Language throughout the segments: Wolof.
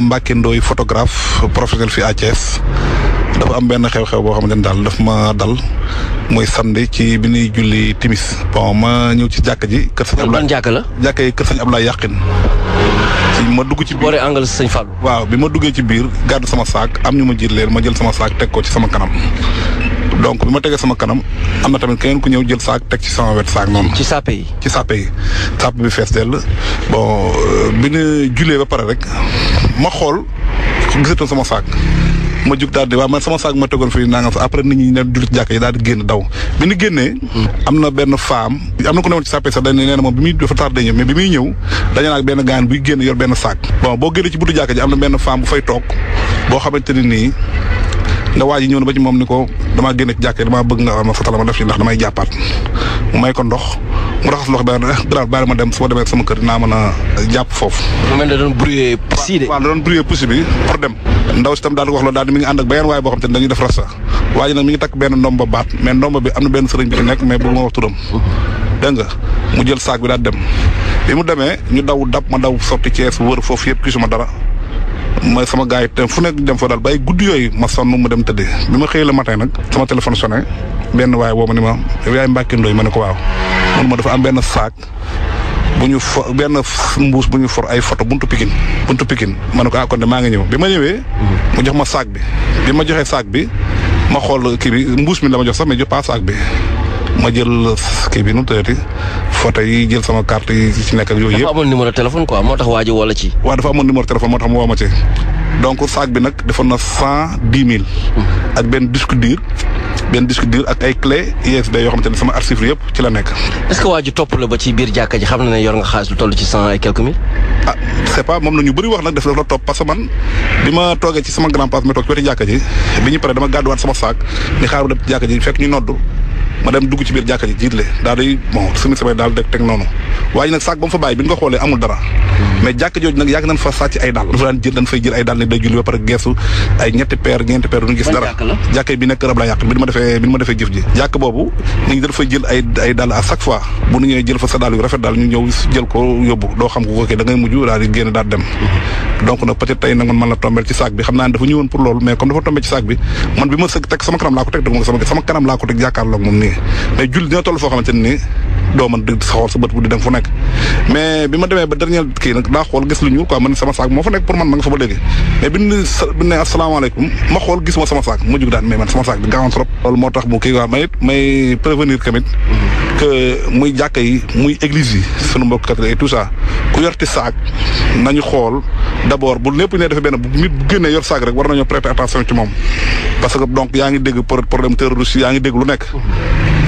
Mbacke Ndoye photographe professionnel fi à Thiès dafa am benn xew-xew boo xamante ne daal daf ma dal mooy samedi ci bi ñuy julli timis bon ma ñëw ci jàkk ji. kër sañ Ablaye jàkk la jàkk yi kër sañ Ablaye yàqin. ci ma dugg ci biir booree sëñ Fall. waaw bi ma duggee ci biir gàddu sama saak am ñu ma jiit leen ma jël sama saak teg ko ci sama kanam. donc bi ma tegee sama kanam am na tamit keneen ku ñëw jël saak teg ci sama wet saak noonu. ci sàppe yi ci sàppe yi sàpp bi fees dell bon euh, bi ñu julee ba pare rek ma xool gisatoon sama saak. ma jug daal di waaw man sama saag ma tegoon fii nangam sax après nit ñi ne jullit jàkk yi daal di génn daw bi ñu génnee hmm. am na benn femme am na ku newoon ci ne nee na moom bi muy ñëw mais bi muy ñëw dañu naan benn gaan buy génn yor benn saag bon boo génnee ci buntu jàkk ji am na benn femme bu fay toog boo xamante ni nii da waji ñew na ba ci mom niko dama genn ci jakk dama bëgg nga ma fatalama ma def ci ndax damay jappat mu may ko ndox mu raxas loxo rek dara baal ma dem so demé sama kër na mëna a fofu mu mel da doon bruyé pusi dé waaw da doon bruyé pusi bi pour dem. ndaw ci tam daal wax loolu daal mi ngi and ak beneen way bo xam dañuy def rasta waji nak mi ngi takk benn ndomba baat mais ndomba bi amna ben sëriñ bi nek mais bu mo wax turam. dégg nga mu jël saak bi daal dem bi mu demee ñu daw dab ma daw ci ess wër foofu yëpp gisuma dara mooy sama gaa yi te fu nekk dem fa daal bay guddi yooyu ma sonn mu dem tëdd bi ma xëyee le matin nag sama téléphone sonné benn waaye woo ma ni ma yaay Mbacke Ndoye ma ne ko waaw man ma dafa am benn saak bu ñu fo benn mbuus bu ñu for ay photo buntu pikin ma ne ko ah kon de maa ngi ñëw bi ma ñëwee. mu jox ma saak bi bi ma joxee saak bi ma xool kii bi mbuus mi la ma jox sax mais jox saak bi ma jël kii bi nu mu tëjati photo yi jël sama carte yi ci nekk yooyu yëpp. dafa amoon numéro téléphone moo tax waa ji woo la ci. waaw dafa amoon numéro na cent dix mille. Hmm. ak benn disque dur yoo xamante ne sama archive yëpp ci la nekk. est-ce que waa ji topp la ba ci biir jàkka ji xam na ne yor nga xaalis lu toll ci ah, la ñu bëri wax nag daf la topp parce que man bi ma toogee ci sama grand place ma toog ci wetu jàkka ji bi ñu paree dama gàdduwaat sama saak ni xaar bu dem jàkka ji fekk ñu noddu ma dem dugg ci biir jàkka ji jiit jiitle daal di bon simi samay daal deg teg noonu waaye nag saak ba mu fa bàyyi bi ñu ko xoolee amul dara mais jàkk jooju nag yàgg nañ fa sàcc ay dàll dafa daan jël dañ fay jël ay dal ni day ba pare geesu ay ñetti peer ñeenti peer duñu gis dara jàkk bi nekk rab la yàq bi ma defee bi ma defee jëf ji jàkk boobu nit ñi dañ fay jël ay ay dal à chaque fois bu ñu ñëwee jël fa sa dàll yu rafet daal ñu ñëw jël ko yóbbu doo xam ko kooke da ngay mujj daal di génn daal dem donc nag peut-être tey nag man man la tombeel ci saak bi xam naa ne won pour loolu mais comme dafa tombeel ci saak bi man bi ma sama kanam laa ko teg sama kanam laa ko teg jàkkaarloog moom nii mais julli dina toll foo xamante ni doo mën di xool sa bët bu di dem fu nekk mais bi ma demee ba dernier kii nag daa xool gis lu ñuul quoi man sama saak moo fa nekk pour man ma nga léegi mais bi ñu ne asalaamaaleykum ma xool gis ma sama saak ma jug daan mais man sama saak di gaawoon trop loolu moo tax mu kii quoi may may prévenir tamit muy jàkka yi muy église yi sunu mbokk catholique et tout ça ku yorti saak nañu xool d'abord bu lépp ne dafa benn bu nit bu génnee yor saak rek war nañoo prêter attention ci moom parce que donc yaa ngi dégg problème terroriste yaa ngi dégg lu nekk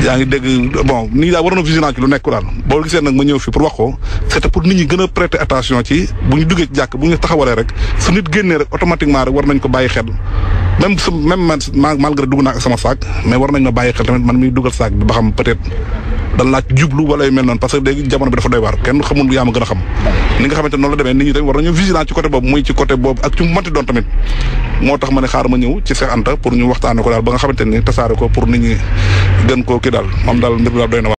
yaa ngi dégg bon nit ñi daal waroon a vigilant ci lu nekk daal boo gisee nag ma ñëw fi pour wax ko c'était pour nit ñi gën a prêter attention ci bu ñu duggee ci jàkk bu ñu taxawalee rek su nit génnee rek automatiquement rek war nañ ko bàyyi xel même su même man malgré dugg naa ak sama saak mais war nañ ma bàyyi xel tamit man miy dugal saak bi ba xam peut-être da laaj jublu wala yu mel noonu parce que léegi jamono bi dafa doy waar kenn xamul yaa ma gën a xam ni nga xamante noonu la demee nit ñi tamit war nañu vigilant ci côté boobu muy ci côté boobu ak ci manti doon tamit moo tax ma ne xaar ma ñëw ci Cheikh Anta pour ñu waxtaane ko daal ba nga xamante ni tasaare ko pour nit ñi gën koo daal moom daal mbir bi daal doy na